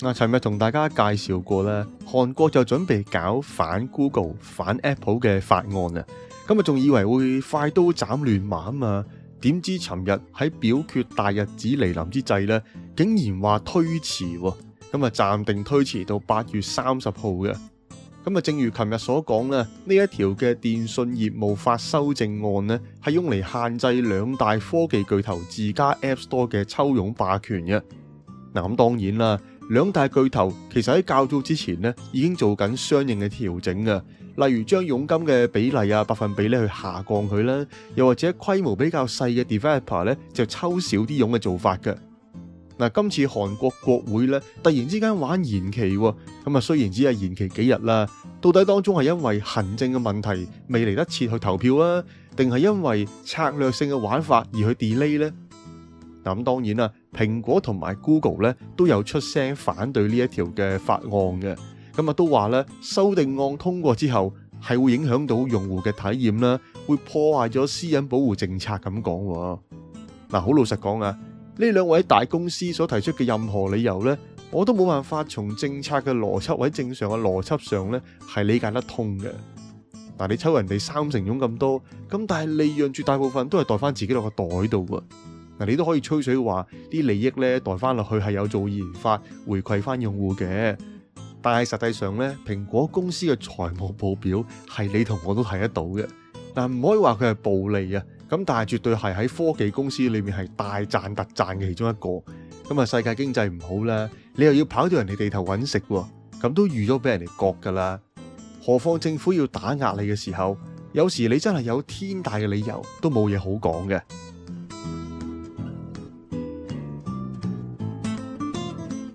嗱，尋日同大家介紹過咧，韓國就準備搞反 Google、反 Apple 嘅法案啊。咁啊，仲以為會快刀斬亂麻啊嘛，點知尋日喺表決大日子嚟臨之際咧，竟然話推遲喎。咁啊，暫定推遲到八月三十號嘅。咁啊，正如尋日所講咧，呢一條嘅電信業務法修正案呢係用嚟限制兩大科技巨頭自家 App Store 嘅抽傭霸權嘅。嗱，咁當然啦。兩大巨頭其實喺較早之前咧，已經做緊相應嘅調整㗎，例如將佣金嘅比例啊百分比咧去下降佢啦，又或者規模比較細嘅 developer 咧就抽少啲佣嘅做法㗎。嗱，今次韓國國會咧突然之間玩延期喎，咁啊雖然只係延期幾日啦，到底當中係因為行政嘅問題未嚟得切去投票啊，定係因為策略性嘅玩法而去 delay 呢？咁當然啦，蘋果同埋 Google 咧都有出聲反對呢一條嘅法案嘅，咁啊都話咧修訂案通過之後係會影響到用戶嘅體驗啦，會破壞咗私隱保護政策咁講。嗱，好老實講啊，呢兩位大公司所提出嘅任何理由呢，我都冇辦法從政策嘅邏輯或者正常嘅邏輯上呢係理解得通嘅。嗱，你抽人哋三成傭咁多，咁但係利潤絕大部分都係袋翻自己落個袋度㗎。你都可以吹水話啲利益呢，代翻落去係有做研發回饋翻用戶嘅，但係實際上呢，蘋果公司嘅財務報表係你同我都睇得到嘅。但唔可以話佢係暴利啊，咁但係絕對係喺科技公司裏面係大賺特賺嘅其中一個。咁啊，世界經濟唔好啦，你又要跑到人哋地頭揾食，咁都預咗俾人哋割噶啦。何況政府要打壓你嘅時候，有時你真係有天大嘅理由都冇嘢好講嘅。